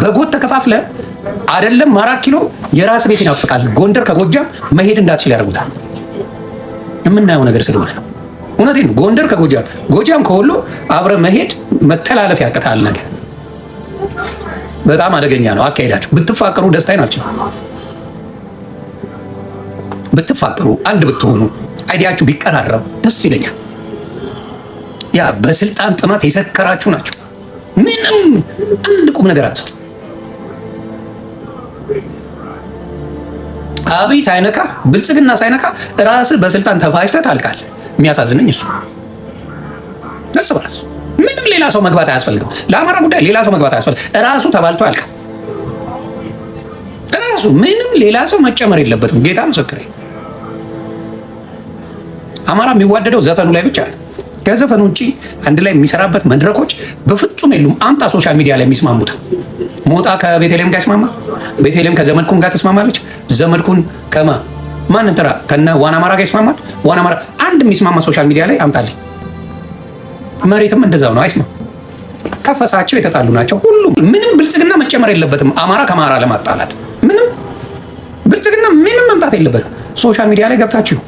በጎጥ ተከፋፍለ አይደለም አራት ኪሎ የራስ ቤት ይናፍቃል። ጎንደር ከጎጃም መሄድ እንዳትችል ያደርጉታል። የምናየው ነገር ስለሆነ እውነቴን ጎንደር ከጎጃም ጎጃም ከወሎ አብረ መሄድ መተላለፍ ያቅታል። ነገር በጣም አደገኛ ነው አካሄዳችሁ። ብትፋቀሩ ደስታ ናቸው። ብትፋቀሩ አንድ ብትሆኑ አይዲያችሁ ቢቀራረብ ደስ ይለኛል። ያ በስልጣን ጥማት የሰከራችሁ ናቸው። ምንም አንድ ቁም ነገር አትሰሩ። አብይ ሳይነካ ብልጽግና ሳይነካ ራስ በስልጣን ተፋጅተ ታልቃል። የሚያሳዝነኝ እሱ እርስ በራስ ምንም ሌላ ሰው መግባት አያስፈልግም። ለአማራ ጉዳይ ሌላ ሰው መግባት አያስፈልግም። ራሱ ተባልቶ አልቃል። ራሱ ምንም ሌላ ሰው መጨመር የለበትም። ጌታ ምስክሬ። አማራ የሚዋደደው ዘፈኑ ላይ ብቻ ነው። ከዘፈኑ ውጭ አንድ ላይ የሚሰራበት መድረኮች በፍጹም የሉም። አምጣ ሶሻል ሚዲያ ላይ የሚስማሙት ሞጣ ከቤተልሔም ጋር ይስማማ፣ ቤተልሔም ከዘመድኩን ጋር ትስማማለች፣ ዘመድኩን ከማ ማንን ጥራ ከነ ዋና አማራ ጋር ይስማማል። ዋና አማራ አንድ የሚስማማ ሶሻል ሚዲያ ላይ አምጣልኝ። መሬትም እንደዛው ነው፣ አይስማ ከፈሳቸው የተጣሉ ናቸው። ሁሉም ምንም ብልጽግና መጨመር የለበትም። አማራ ከማራ ለማጣላት ምንም ብልጽግና ምንም መምጣት የለበትም። ሶሻል ሚዲያ ላይ ገብታችሁ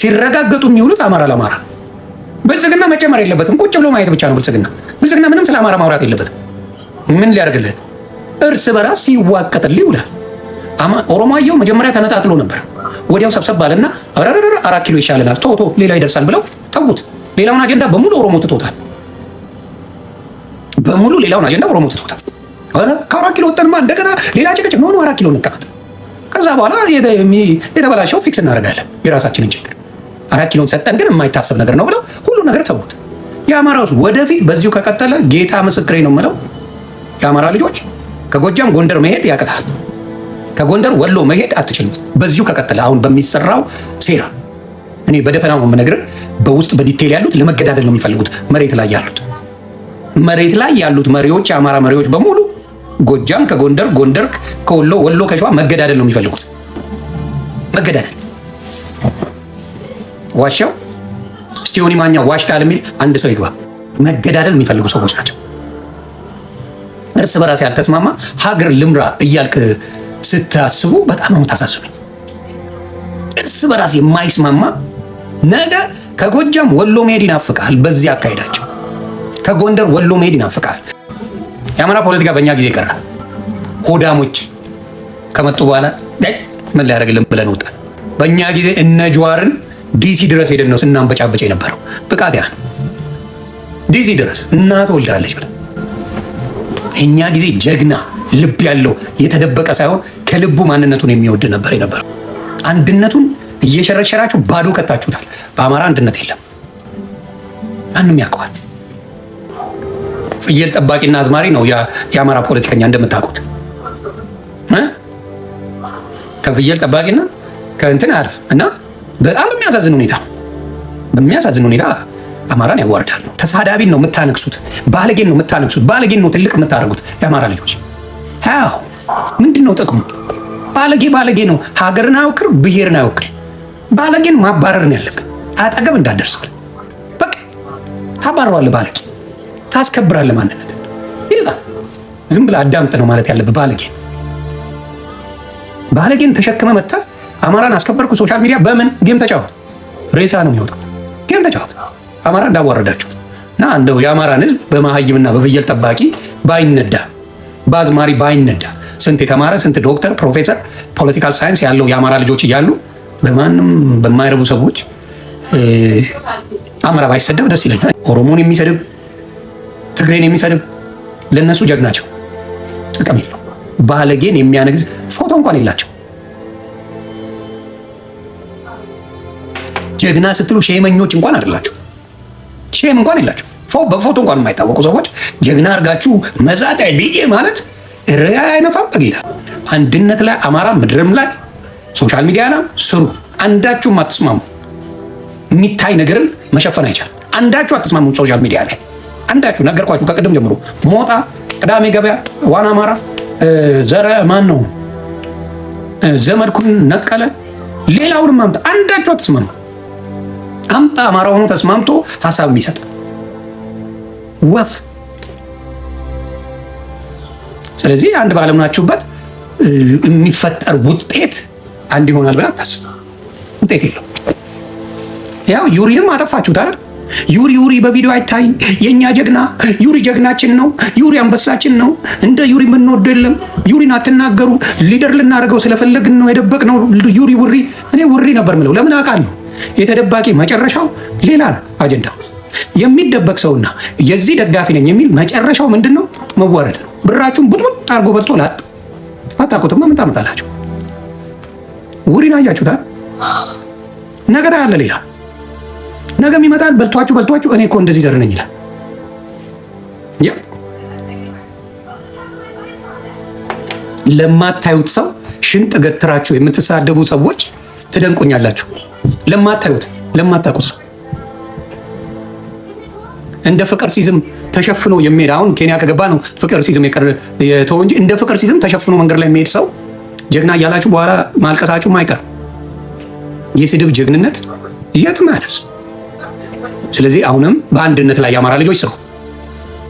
ሲረጋገጡ የሚውሉት አማራ ለአማራ ብልጽግና መጨመር የለበትም። ቁጭ ብሎ ማየት ብቻ ነው ብልጽግና። ብልጽግና ምንም ስለ አማራ ማውራት የለበትም። ምን ሊያደርግልህ እርስ በራስ ሲዋቀጥልህ ይውላል። ኦሮማየው መጀመሪያ ተነጣጥሎ ነበር። ወዲያው ሰብሰብ ባለና ረረረ አራት ኪሎ ይሻለናል፣ ቶቶ ሌላ ይደርሳል ብለው ተዉት። ሌላውን አጀንዳ በሙሉ ኦሮሞ ትቶታል። በሙሉ ሌላውን አጀንዳ ኦሮሞ ትቶታል። ከአራት ኪሎ ወጠንማ እንደገና ሌላ ጭቅጭቅ ሆኖ አራት ኪሎ እንቀመጥ። ከዛ በኋላ የተበላሸው ፊክስ እናደርጋለን የራሳችንን ችግር። አራት ኪሎን ሰጠን ግን የማይታሰብ ነገር ነው ብለው ሁሉ ነገር ተዉት። የአማራ ወደፊት በዚሁ ከቀጠለ ጌታ ምስክሬ ነው የምለው የአማራ ልጆች ከጎጃም ጎንደር መሄድ ያቅታል። ከጎንደር ወሎ መሄድ አትችልም። በዚሁ ከቀጠለ አሁን በሚሰራው ሴራ እኔ በደፈናው ነው የምነግርህ። በውስጥ በዲቴል ያሉት ለመገዳደል ነው የሚፈልጉት። መሬት ላይ ያሉት መሬት ላይ ያሉት መሪዎች የአማራ መሪዎች በሙሉ ጎጃም ከጎንደር፣ ጎንደር ከወሎ፣ ወሎ ከሸዋ መገዳደል ነው የሚፈልጉት። መገዳደል ዋሻው ስቲዮኒ ማኛ ዋሽታል የሚል አንድ ሰው ይግባ። መገዳደል የሚፈልጉ ሰዎች ናቸው። እርስ በራስ ያልተስማማ ሀገር ልምራ እያልክ ስታስቡ በጣም ነው የምታሳዝኑኝ። እርስ በራስ የማይስማማ ነገ ከጎጃም ወሎ መሄድ ይናፍቃል። በዚህ አካሄዳቸው ከጎንደር ወሎ መሄድ ይናፍቃል። የአማራ ፖለቲካ በእኛ ጊዜ ይቀራል። ሆዳሞች ከመጡ በኋላ ምን ሊያደርግልን ብለን ወጣን። በእኛ ጊዜ እነ ጀዋርን ዲሲ ድረስ ሄደን ነው ስናንበጫበጭ የነበረው። ብቃት ያ ዲሲ ድረስ እናት ወልዳለች ብለን እኛ ጊዜ ጀግና ልብ ያለው የተደበቀ ሳይሆን ከልቡ ማንነቱን የሚወድ ነበር የነበረ። አንድነቱን እየሸረሸራችሁ ባዶ ከታችሁታል። በአማራ አንድነት የለም፣ ማንም ያውቀዋል። ፍየል ጠባቂና አዝማሪ ነው የአማራ ፖለቲከኛ እንደምታውቁት። ከፍየል ጠባቂና ከእንትን አርፍ እና በጣም በሚያሳዝን ሁኔታ በሚያሳዝን ሁኔታ አማራን ያዋርዳል። ተሳዳቢን ነው የምታነግሱት፣ ባለጌን ነው የምታነግሱት፣ ባለጌን ነው ትልቅ የምታደርጉት የአማራ ልጆች አዎ ምንድን ነው ጥቅሙ? ባለጌ ባለጌ ነው። ሀገርን አይወክል ብሔርን አይወክል ባለጌን ማባረር ነው ያለብን። አጠገብ እንዳደርሰው በቃ ታባረዋለህ። ባለጌ ታስከብራለህ ማንነት ይልጣል። ዝም ብለህ አዳምጥ ነው ማለት ያለብህ። ባለጌ ባለጌን ተሸክመ መታ አማራን አስከበርኩ። ሶሻል ሚዲያ በምን ጌም ተጫወት፣ ሬሳ ነው የሚወጣው። ጌም ተጫወት። አማራ እንዳዋረዳችሁ እና እንደው የአማራን ህዝብ በመሀይምና በፍየል ጠባቂ ባይነዳ በአዝማሪ ባይነዳ ስንት የተማረ ስንት ዶክተር፣ ፕሮፌሰር ፖለቲካል ሳይንስ ያለው የአማራ ልጆች እያሉ በማንም በማይረቡ ሰዎች አማራ ባይሰደብ ደስ ይለኛል። ኦሮሞን የሚሰድብ ትግሬን የሚሰድብ ለእነሱ ጀግናቸው ጥቅም የለው። ባለጌን የሚያነግዝ ፎቶ እንኳን የላቸው። ጀግና ስትሉ ሼመኞች እንኳን አይደላችሁ፣ ሼም እንኳን የላችሁ። በፎቶ እንኳን የማይታወቁ ሰዎች ጀግና አድርጋችሁ መሳጥ ዲጄ ማለት ረያ አይነፋም። በጌታ አንድነት ላይ አማራ ምድርም ላይ ሶሻል ሚዲያ ላይ ስሩ። አንዳችሁም አትስማሙ። የሚታይ ነገርን መሸፈን አይቻልም። አንዳችሁ አትስማሙ ሶሻል ሚዲያ ላይ አንዳችሁ ነገርኳችሁ። ከቅድም ጀምሮ ሞጣ፣ ቅዳሜ ገበያ፣ ዋና አማራ፣ ዘረ ማን ነው ዘመድኩን ነቀለ፣ ሌላውንም አምጣ። አንዳችሁ አትስማሙ። አምጣ አማራ ሆኖ ተስማምቶ ሀሳብ የሚሰጥ ወፍ። ስለዚህ አንድ ባለሙናችሁበት የሚፈጠር ውጤት አንድ ይሆናል ብላ አታስብ። ውጤት የለውም። ያው ዩሪንም አጠፋችሁት አይደል? ዩሪ ዩሪ በቪዲዮ አይታይ። የእኛ ጀግና ዩሪ ጀግናችን ነው። ዩሪ አንበሳችን ነው። እንደ ዩሪ የምንወደው የለም። ዩሪን አትናገሩ። ሊደር ልናደርገው ስለፈለግን ነው የደበቅነው። ዩሪ ውሪ፣ እኔ ውሪ ነበር ምለው። ለምን አውቃለሁ? የተደባቂ መጨረሻው ሌላ ነው አጀንዳው የሚደበቅ ሰውና የዚህ ደጋፊ ነኝ የሚል መጨረሻው ምንድን ነው? መዋረድ ብራችሁን ቡጥቡጥ አድርጎ በልቶ ላጥ አታውቁትማ። ምን ታመጣላችሁ? ውሪን አያችሁታል። ነገ ታያለ ሌላ ነገም ይመጣል። በልቷችሁ በልቷችሁ እኔ እኮ እንደዚህ ዘር ነኝ ይላል። ለማታዩት ሰው ሽንጥ ገትራችሁ የምትሳደቡ ሰዎች ትደንቁኛላችሁ። ለማታዩት ለማታውቁት ሰው እንደ ፍቅር ሲዝም ተሸፍኖ የሚሄድ አሁን ኬንያ ከገባ ነው ፍቅር ሲዝም የተወው እንጂ እንደ ፍቅር ሲዝም ተሸፍኖ መንገድ ላይ የሚሄድ ሰው ጀግና እያላችሁ በኋላ ማልቀሳችሁ አይቀር። የስድብ ጀግንነት የትም አያደርስ። ስለዚህ አሁንም በአንድነት ላይ የአማራ ልጆች ስሩ።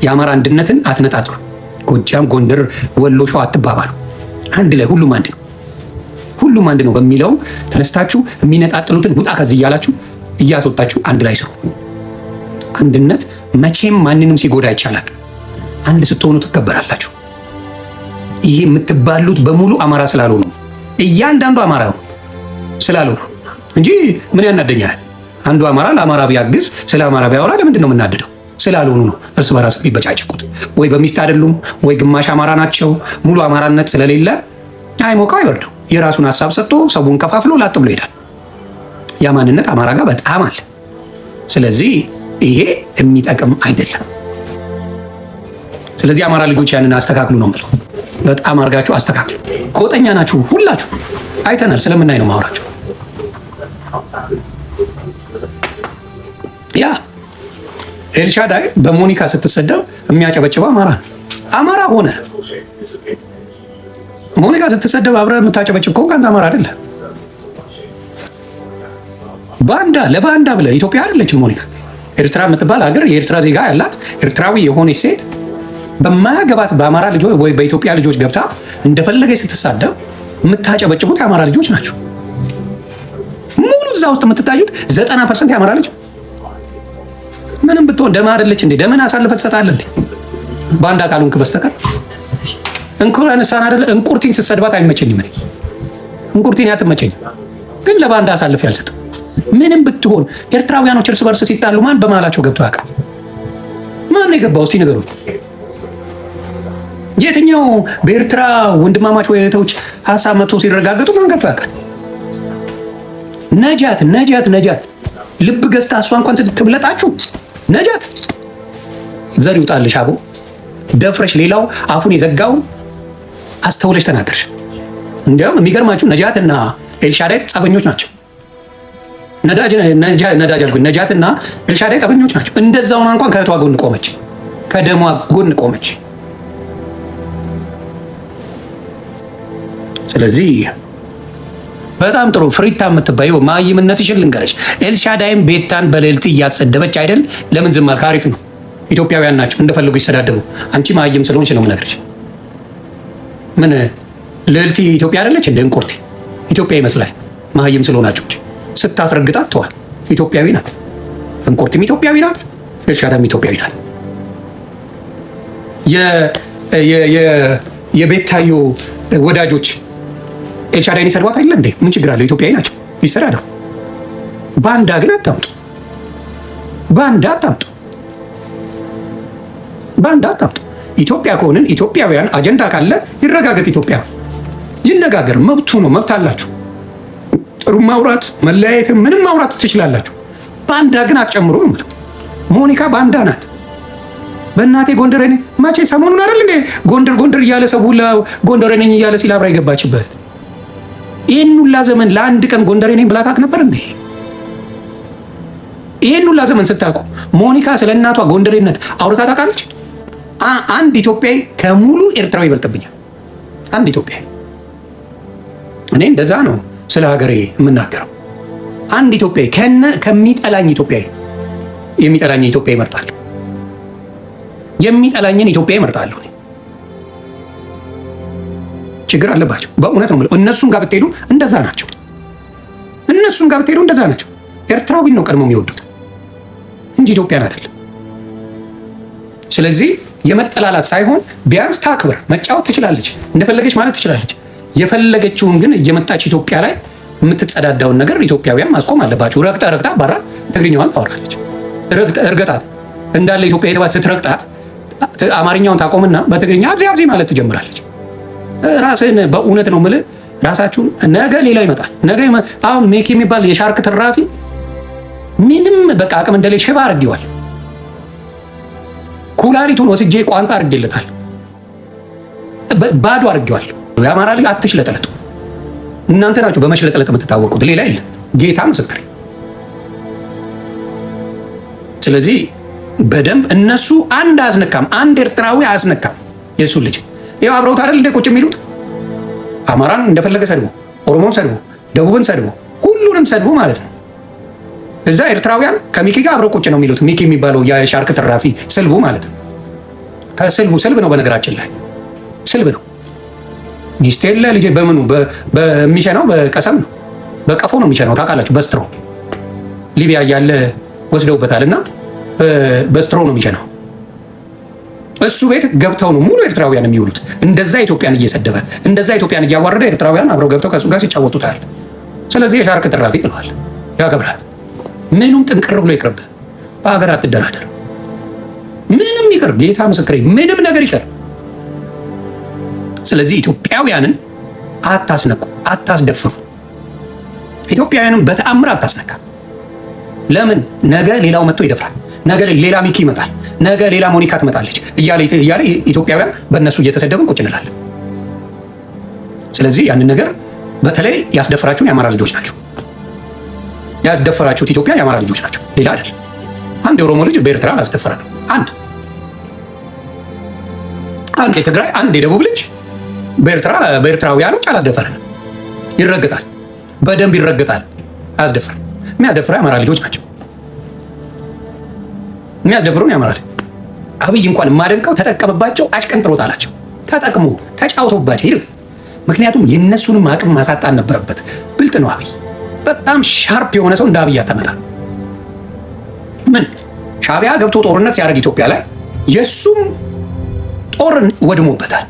የአማራ አንድነትን አትነጣጥሩ። ጎጃም፣ ጎንደር፣ ወሎ፣ ሸዋ አትባባሉ። አንድ ላይ ሁሉም አንድ ነው፣ ሁሉም አንድ ነው በሚለው ተነስታችሁ የሚነጣጥሉትን ውጣ ከዚህ እያላችሁ እያስወጣችሁ አንድ ላይ ስሩ። አንድነት መቼም ማንንም ሲጎዳ ይቻላል። አንድ ስትሆኑ ትከበራላችሁ። ይሄ የምትባሉት በሙሉ አማራ ስላልሆኑ ነው። እያንዳንዱ አማራ ነው ስላልሆኑ እንጂ ምን ያናደኛል? አንዱ አማራ ለአማራ ቢያግዝ ስለ አማራ ቢያወራ ለምንድን ነው የምናደደው? ስላልሆኑ ነው እርስ በራስ የሚበጫጭቁት። ወይ በሚስት አይደሉም፣ ወይ ግማሽ አማራ ናቸው። ሙሉ አማራነት ስለሌለ አይሞቀው አይበርዱ። የራሱን ሀሳብ ሰጥቶ ሰውን ከፋፍሎ ላጥ ብሎ ይሄዳል። ያ ማንነት አማራ ጋር በጣም አለ። ስለዚህ ይሄ የሚጠቅም አይደለም። ስለዚህ አማራ ልጆች ያንን አስተካክሉ ነው የምለው። በጣም አድርጋችሁ አስተካክሉ። ጎጠኛ ናችሁ ሁላችሁ፣ አይተናል። ስለምናይ ነው ማውራቸው። ያ ኤልሻዳይ በሞኒካ ስትሰደብ የሚያጨበጭበው አማራ ነው። አማራ ሆነ ሞኒካ ስትሰደብ አብረህ የምታጨበጭብ ከሆንክ አንተ አማራ አይደለም። ባንዳ ለባንዳ ብለህ ኢትዮጵያ አይደለችም ሞኒካ ኤርትራ የምትባል ሀገር የኤርትራ ዜጋ ያላት ኤርትራዊ የሆነች ሴት በማያገባት በአማራ ልጆች ወይ በኢትዮጵያ ልጆች ገብታ እንደፈለገ ስትሳደብ የምታጨበጭቡት የአማራ ልጆች ናቸው። ሙሉ እዛ ውስጥ የምትታዩት ዘጠና ፐርሰንት የአማራ ልጅ ምንም ብትሆን ደም አይደለች እንዴ? ደምን አሳልፈ ትሰጣለህ? በአንድ አካሉን በስተቀር እንኩራንሳን አደለ እንቁርቲን ስትሰድባት አይመቸኝም። እንቁርቲን ያትመቸኝ ግን ለባንዳ አሳልፍ ያልሰጥ ምንም ብትሆን ኤርትራውያኖች እርስ በርስ ሲጣሉ ማን በመሀላቸው ገብቶ ያውቃል? ማን ነው የገባው? እስቲ ንገሩን። የትኛው በኤርትራ ወንድማማች ወያኔቶች ሀሳብ መቶ ሲረጋገጡ ማን ገብቶ ያውቃል? ነጃት ነጃት ነጃት ልብ ገዝታ እሷ እንኳን ትብለጣችሁ። ነጃት ዘር ይውጣልሽ። አቦ ደፍረሽ ሌላው አፉን የዘጋውን አስተውለሽ ተናገርሽ። እንዲያውም የሚገርማችሁ ነጃትና ኤልሻዳይ ጸበኞች ናቸው። ነዳጅ አልኩኝ። ነጃትና ኤልሻዳይ ጸበኞች ናቸው። እንደዛውና እንኳን ከእህቷ ጎን ቆመች፣ ከደሟ ጎን ቆመች። ስለዚህ በጣም ጥሩ ፍሪታ የምትባየው ማይምነትሽን ልንገረሽ። ኤልሻዳይም ቤታን በሌልት እያሰደበች አይደል? ለምን ዝም አልክ? አሪፍ ነው። ኢትዮጵያውያን ናቸው እንደፈለጉ ይሰዳደቡ። አንቺ ማይም ስለሆንሽ ነው የምነግርሽ። ምን ሌሊት ኢትዮጵያ አይደለች እንደ እንቁርቴ ኢትዮጵያ ይመስላል ማይም ስለሆናችሁ ስታስረግጣት ተዋል። ኢትዮጵያዊ ናት። እንቁርቲም ኢትዮጵያዊ ናት። ኤልሻዳም ኢትዮጵያዊ ናት። የቤታዮ ወዳጆች ኤልሻዳይን ይሰድቧት አይደለም እንዴ? ምን ችግር አለው? ኢትዮጵያዊ ናቸው፣ ይሰራ ነው። ባንዳ ግን አታምጡ፣ ባንዳ አታምጡ፣ ባንዳ አታምጡ። ኢትዮጵያ ከሆንን ኢትዮጵያውያን አጀንዳ ካለ ይረጋገጥ፣ ኢትዮጵያ ይነጋገር፣ መብቱ ነው፣ መብት አላችሁ። ጥሩ ማውራት መለያየት ምንም ማውራት ትችላላችሁ። ባንዳ ግን አትጨምሩም። ሞኒካ ባንዳ ናት። በእናቴ ጎንደሬ ነኝ መቼ ሰሞኑን አይደል እንዴ ጎንደር ጎንደር እያለ ሰው ሁላ ጎንደሬ ነኝ እያለ ሲል አብራ የገባችበት ይህን ሁላ ዘመን ለአንድ ቀን ጎንደሬ ነኝ ብላ ነበር እንዴ? ይህን ሁላ ዘመን ስታውቁ ሞኒካ ስለ እናቷ ጎንደሬነት አውርታ ታውቃለች? አንድ ኢትዮጵያዊ ከሙሉ ኤርትራዊ ይበልጥብኛል። አንድ ኢትዮጵያዊ እኔ እንደዛ ነው ስለ ሀገሬ የምናገረው። አንድ ኢትዮጵያዊ ከነ ከሚጠላኝ ኢትዮጵያዊ የሚጠላኝ ኢትዮጵያ ይመርጣል። የሚጠላኝን ኢትዮጵያ ይመርጣለሁ። ችግር አለባቸው። በእውነት ነው። እነሱም ጋር ብትሄዱ እንደዛ ናቸው። እነሱም ጋር ብትሄዱ እንደዛ ናቸው። ኤርትራዊን ነው ቀድሞ የሚወዱት እንጂ ኢትዮጵያን አይደለም። ስለዚህ የመጠላላት ሳይሆን ቢያንስ ታክብር። መጫወት ትችላለች፣ እንደፈለገች ማለት ትችላለች። የፈለገችውን ግን እየመጣች ኢትዮጵያ ላይ የምትጸዳዳውን ነገር ኢትዮጵያውያን ማስቆም አለባቸው። ረግጣ ረግጣ በራ ትግርኛዋን ታወራለች። እርገጣት እንዳለ ኢትዮጵያ የተባለ ስትረግጣት አማርኛውን ታቆምና በትግርኛ አብዚ አብዚ ማለት ትጀምራለች። ራስህን በእውነት ነው ምል ራሳችሁን ነገ ሌላ ይመጣል። ነገ አሁን ሜክ የሚባል የሻርክ ትራፊ ምንም በቃ አቅም እንደሌ ሽባ አድርጌዋል። ኩላሊቱን ወስጄ ቋንጣ አድርጌለታል። ባዶ አድርጌዋል። የአማራ ልጅ አትሽለጠለጡ። እናንተ ናችሁ በመሽለጠለጥ የምትታወቁት፣ ሌላ የለም። ጌታ ምስክር ስለዚህ በደንብ እነሱ አንድ አያስነካም፣ አንድ ኤርትራዊ አያስነካም። የእሱ ልጅ ይኸው አብረውት አይደል እንደ ቁጭ የሚሉት አማራን እንደፈለገ ሰድቦ፣ ኦሮሞን ሰድቦ፣ ደቡብን ሰድቦ፣ ሁሉንም ሰድቦ ማለት ነው። እዛ ኤርትራውያን ከሚኪ ጋር አብረው ቁጭ ነው የሚሉት። ሚኪ የሚባለው የሻርክ ትራፊ ስልቡ ማለት ነው። ከስልቡ ስልብ ነው፣ በነገራችን ላይ ስልብ ነው። ጊስት የለ ልጄ በምኑ በሚሸናው በቀሰም ነው በቀፎ ነው የሚሸናው። ታውቃላችሁ፣ በስትሮ ሊቢያ እያለ ወስደውበታል እና በስትሮ ነው የሚሸናው። እሱ ቤት ገብተው ነው ሙሉ ኤርትራውያን የሚውሉት። እንደዛ ኢትዮጵያን እየሰደበ እንደዛ ኢትዮጵያን እያዋረደ ኤርትራውያን አብረው ገብተው ከእሱ ጋር ሲጫወቱታል። ስለዚህ የሻርክ ትራፊ ጥለዋል፣ ያገብራል። ምኑም ጥንቅር ብሎ ይቅርብ። በሀገር አትደራደር። ምንም ይቅር፣ ጌታ ምስክሬ፣ ምንም ነገር ይቅር። ስለዚህ ኢትዮጵያውያንን አታስነኩ፣ አታስደፍሩ። ኢትዮጵያውያንን በተአምር አታስነካ። ለምን? ነገ ሌላው መጥቶ ይደፍራል። ነገ ሌላ ሚኪ ይመጣል። ነገ ሌላ ሞኒካ ትመጣለች እያለ እያለ ኢትዮጵያውያን በእነሱ እየተሰደብን ቁጭ እንላለን። ስለዚህ ያንን ነገር በተለይ ያስደፈራችሁን የአማራ ልጆች ናቸው። ያስደፈራችሁት ኢትዮጵያን የአማራ ልጆች ናቸው፣ ሌላ አይደለም። አንድ የኦሮሞ ልጅ በኤርትራ አላስደፈረ ነው። አንድ አንድ የትግራይ አንድ የደቡብ ልጅ በኤርትራ በኤርትራውያኖች አላስደፈረን ይረግጣል፣ በደንብ ይረግጣል። አያስደፍር የሚያስደፍረው የአማራ ልጆች ናቸው። የሚያስደፍሩን ያመራል። አብይ እንኳን የማደንቀው ተጠቀምባቸው፣ አሽቀንጥሮት አላቸው። ተጠቅሞ ተጫውቶባቸው ይል። ምክንያቱም የእነሱንም አቅም ማሳጣን ነበረበት። ብልጥ ነው አብይ። በጣም ሻርፕ የሆነ ሰው እንደ አብይ ያተመጣል። ምን ሻቢያ ገብቶ ጦርነት ሲያደርግ ኢትዮጵያ ላይ የእሱም ጦርን ወድሞበታል።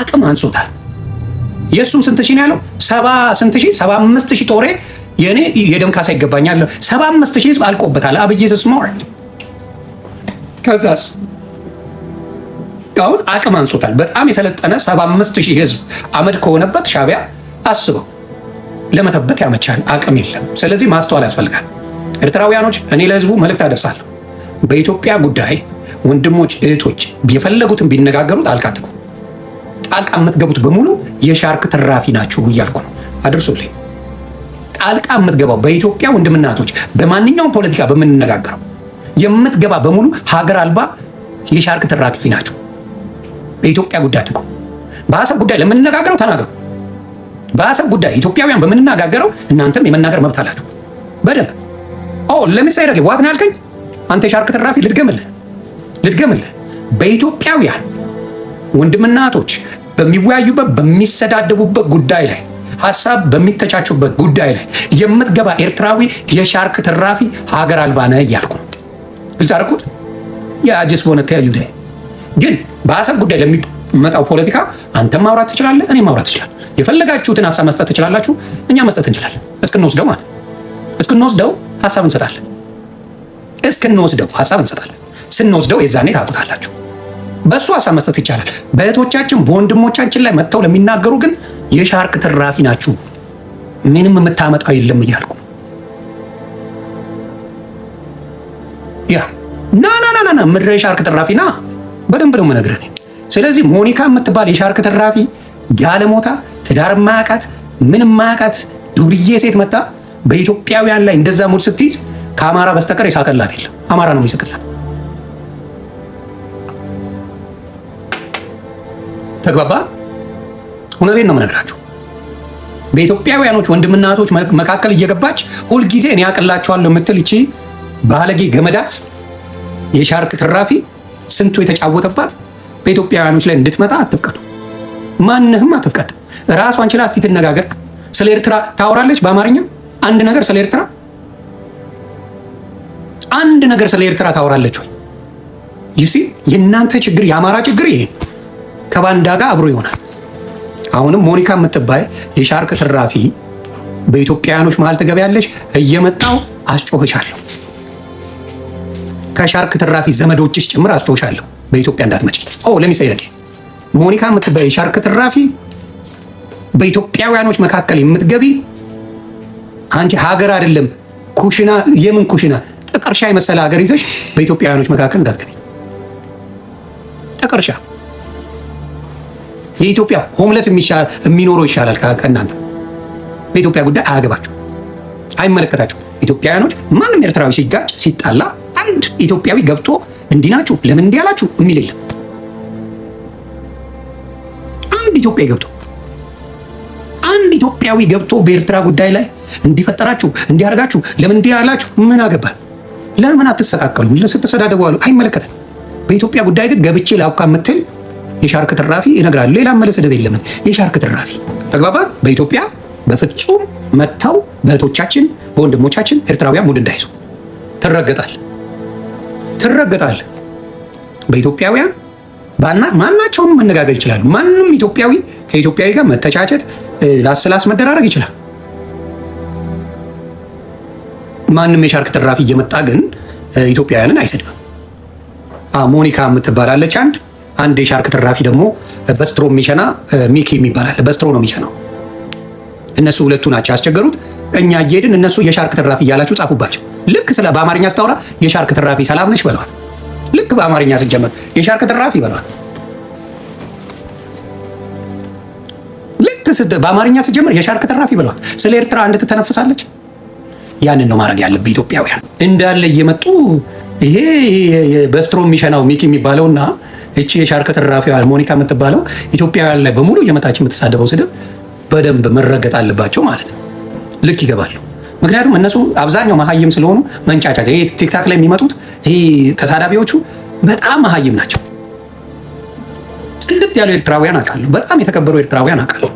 አቅም አንሶታል። የእሱም ስንት ሺህ ነው ያለው? ሰባ ስንት ሺ ሰባ አምስት ሺ ጦሬ የእኔ የደም ካሳ ይገባኛል። ሰባ አምስት ሺ ህዝብ አልቆበታል። አብይ ስስ ከዛስ አሁን አቅም አንሶታል። በጣም የሰለጠነ ሰባ አምስት ሺህ ህዝብ አመድ ከሆነበት ሻቢያ አስበው ለመተበት ያመቻል። አቅም የለም። ስለዚህ ማስተዋል ያስፈልጋል። ኤርትራውያኖች፣ እኔ ለህዝቡ መልእክት አደርሳለሁ። በኢትዮጵያ ጉዳይ ወንድሞች እህቶች የፈለጉትን ቢነጋገሩት አልካትኩም። ጣልቃ የምትገቡት በሙሉ የሻርክ ትራፊ ናችሁ እያልኩኝ አድርሱልኝ። ጣልቃ የምትገባው በኢትዮጵያ ወንድምናቶች በማንኛውም ፖለቲካ በምንነጋገረው የምትገባ በሙሉ ሀገር አልባ የሻርክ ትራፊ ናችሁ። በኢትዮጵያ ጉዳይ አትግቡ። በአሰብ ጉዳይ ለምንነጋገረው ተናገሩ። በአሰብ ጉዳይ ኢትዮጵያውያን በምንነጋገረው እናንተም የመናገር መብት አላችሁ በደንብ ኦ ለምሳሌ ረገ አልከኝ አንተ የሻርክ ትራፊ ልድገምልህ ልድገምልህ በኢትዮጵያውያን ወንድምና እህቶች በሚወያዩበት በሚሰዳደቡበት ጉዳይ ላይ ሀሳብ በሚተቻቹበት ጉዳይ ላይ የምትገባ ኤርትራዊ የሻርክ ትራፊ ሀገር አልባ ነህ እያልኩ ነው። ግልጽ አደረኩት። በሆነ ተያዩ ላይ ግን በሀሳብ ጉዳይ ለሚመጣው ፖለቲካ አንተም ማውራት ትችላለህ፣ እኔ ማውራት ትችላለህ። የፈለጋችሁትን ሀሳብ መስጠት ትችላላችሁ፣ እኛ መስጠት እንችላለን። እስክንወስደው ማለት እስክንወስደው ሀሳብ እንሰጣለን። እስክንወስደው ሀሳብ እንሰጣለን። ስንወስደው የዛኔ ታውቁታላችሁ። በእሱ አሳ መስጠት ይቻላል። በእህቶቻችን በወንድሞቻችን ላይ መጥተው ለሚናገሩ ግን የሻርክ ትራፊ ናችሁ፣ ምንም የምታመጣው የለም እያልኩ ያ ና ና ና ና ምድረ የሻርክ ትራፊ ና በደንብ ነው የምነግርህ። ስለዚህ ሞኒካ የምትባል የሻርክ ትራፊ ያለሞታ ትዳር ማያቃት ምንም ማያቃት ዱርዬ ሴት መታ በኢትዮጵያውያን ላይ እንደዛ ሙድ ስትይዝ ከአማራ በስተቀር የሳቀላት የለም። አማራ ነው የሚስቅላት። ተግባባ። እውነቴን ነው የምነግራችሁ። በኢትዮጵያውያኖች ወንድምና እህቶች መካከል እየገባች ሁልጊዜ እኔ ያቅላችኋለሁ የምትል እቺ ባለጌ ገመዳፍ የሻርክ ትራፊ ስንቱ የተጫወተባት በኢትዮጵያውያኖች ላይ እንድትመጣ አትፍቀዱ። ማንህም አትፍቀድ። ራሷን ችላ እስቲ ትነጋገር። ስለ ኤርትራ ታወራለች በአማርኛ አንድ ነገር ስለ ኤርትራ አንድ ነገር ስለ ኤርትራ ታወራለች ወይ? ዩሲ የእናንተ ችግር የአማራ ችግር ይሄ ከባንዳ ጋር አብሮ ይሆናል። አሁንም ሞኒካ የምትባይ የሻርክ ትራፊ በኢትዮጵያውያኖች መሀል ትገቢያለሽ። እየመጣው አስጮህሻለሁ። ከሻርክ ትራፊ ዘመዶችሽ ጭምር አስጮህሻለሁ። በኢትዮጵያ እንዳትመጪ። ኦ ለሚሳይ ሞኒካ የምትባይ የሻርክ ትራፊ በኢትዮጵያውያኖች መካከል የምትገቢ አንቺ ሀገር አይደለም ኩሽና፣ የምን ኩሽና ጥቅርሻ የመሰለ ሀገር ይዘሽ በኢትዮጵያውያኖች መካከል እንዳትገቢ ጥቅርሻ የኢትዮጵያ ሆምለስ የሚኖረው ይሻላል ከእናንተ። በኢትዮጵያ ጉዳይ አያገባቸው፣ አይመለከታቸው። ኢትዮጵያውያኖች ማንም ኤርትራዊ ሲጋጭ ሲጣላ አንድ ኢትዮጵያዊ ገብቶ እንዲናችሁ ለምን እንዲህ አላችሁ የሚል የለም። አንድ ኢትዮጵያዊ ገብቶ አንድ ኢትዮጵያዊ ገብቶ በኤርትራ ጉዳይ ላይ እንዲፈጠራችሁ እንዲያደርጋችሁ ለምን እንዲህ አላችሁ ምን አገባል? ለምን አትሰቃቀሉ? ስትሰዳደቡ አሉ አይመለከትም። በኢትዮጵያ ጉዳይ ግን ገብቼ ላውካ የምትል የሻርክ ትራፊ ይነግራል። ሌላ ደብ የለምን። የሻርክ ትራፊ ተግባባ። በኢትዮጵያ በፍጹም መጥተው በእህቶቻችን በወንድሞቻችን ኤርትራውያን ሙድ እንዳይዙ ትረገጣል ትረገጣል። በኢትዮጵያውያን ባና ማናቸውም መነጋገር ይችላል። ማንም ኢትዮጵያዊ ከኢትዮጵያዊ ጋር መተቻቸት፣ ላስላስ መደራረግ ይችላል። ማንም የሻርክ ትራፊ እየመጣ ግን ኢትዮጵያውያንን አይሰድብም። ሞኒካ የምትባላለች አንድ አንድ የሻርክ ትራፊ ደግሞ በስትሮ የሚሸና ሚኪ የሚባላል በስትሮ ነው የሚሸናው። እነሱ ሁለቱ ናቸው ያስቸገሩት። እኛ እየሄድን እነሱ የሻርክ ትራፊ እያላችሁ ጻፉባቸው። ልክ ስለ በአማርኛ ስታወራ የሻርክ ትራፊ ሰላም ነሽ በለዋል። ልክ በአማርኛ ስትጀምር የሻርክ ትራፊ በለዋል። ልክ በአማርኛ ስትጀምር የሻርክ ትራፊ በለዋል። ስለ ኤርትራ አንድ ትተነፍሳለች። ያንን ነው ማድረግ ያለብህ። ኢትዮጵያውያን እንዳለ እየመጡ ይሄ በስትሮ የሚሸናው ሚኪ የሚባለውና እቺ የሻርከ ትራፊዋ ሞኒካ የምትባለው ኢትዮጵያውያን ላይ በሙሉ እየመጣች የምትሳደበው ስድብ በደንብ መረገጥ አለባቸው ማለት ነው። ልክ ይገባሉ። ምክንያቱም እነሱ አብዛኛው መሀይም ስለሆኑ መንጫጫ ቲክታክ ላይ የሚመጡት ይህ ተሳዳቢዎቹ በጣም መሀይም ናቸው። ጽድት ያሉ ኤርትራውያን አውቃለሁ። በጣም የተከበሩ ኤርትራውያን አውቃለሁ።